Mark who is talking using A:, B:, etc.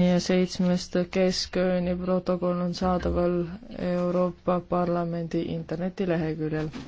A: meie seitsmest keskööni protokoll on saadaval Euroopa Parlamendi internetileheküljel.